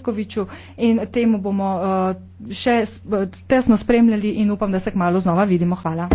Petkoviču in temu bomo eh, še eh, tesno spremljali in upam, da se k malu znova vidimo. Hvala.